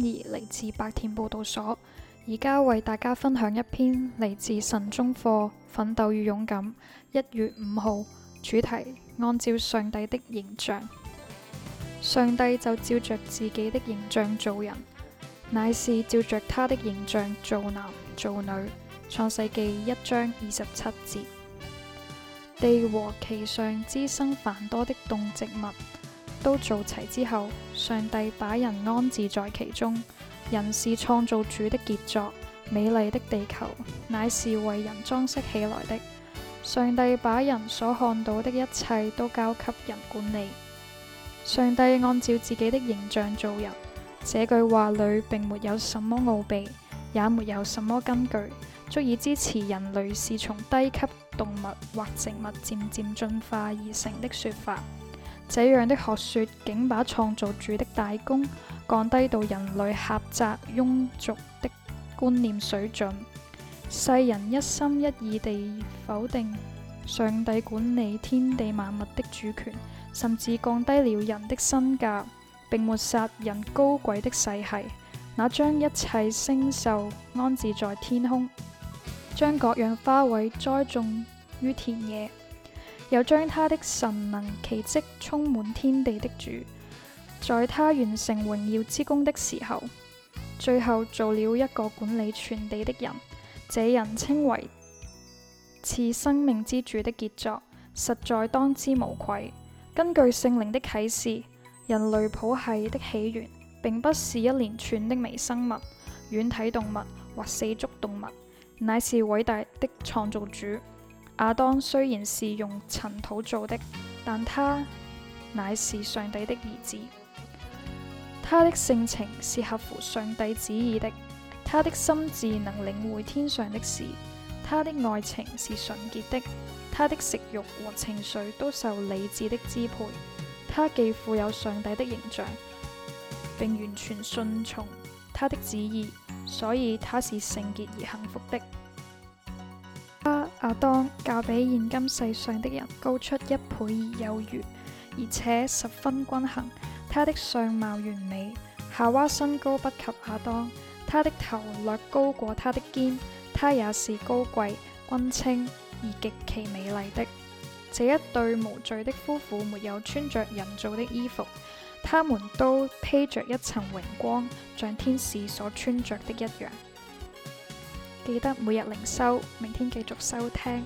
而嚟自白田報道所，而家為大家分享一篇嚟自神中課《奮鬥與勇敢》，一月五號主題：按照上帝的形象。上帝就照着自己的形象造人，乃是照着他的形象造男造女。創世記一章二十七節：地和其上滋生繁多的動植物，都做齊之後，上帝把人安置在其中。人是創造主的傑作，美麗的地球乃是為人裝飾起來的。上帝把人所看到的一切都交給人管理。上帝按照自己的形象造人，這句話裏並沒有什麼奧秘，也沒有什麼根據，足以支持人類是從低級動物或植物漸漸進化而成的說法。這樣的學説竟把創造主的大功降低到人類狹窄庸俗的觀念水準，世人一心一意地否定上帝管理天地萬物的主權，甚至降低了人的身價，並抹殺人高貴的世系。那將一切星宿安置在天空，將各樣花卉栽種於田野。有將他的神能奇蹟充滿天地的主，在他完成榮耀之功的時候，最後做了一個管理全地的人。這人稱為此生命之主的傑作，實在當之無愧。根據聖靈的啟示，人類普系的起源並不是一連串的微生物、軟體動物或四足動物，乃是偉大的創造主。亞當雖然是用塵土做的，但他乃是上帝的兒子。他的性情是合乎上帝旨意的，他的心智能領會天上的事，他的愛情是純潔的，他的食欲和情緒都受理智的支配。他既富有上帝的形象，並完全順從他的旨意，所以他是聖潔而幸福的。阿當較比現今世上的人高出一倍而有餘，而且十分均衡。他的相貌完美。夏娃身高不及阿當，她的頭略高過他的肩。她也是高貴、均稱而極其美麗的。這一對無罪的夫婦沒有穿着人造的衣服，他們都披着一層榮光，像天使所穿着的一樣。記得每日靈修，明天繼續收聽。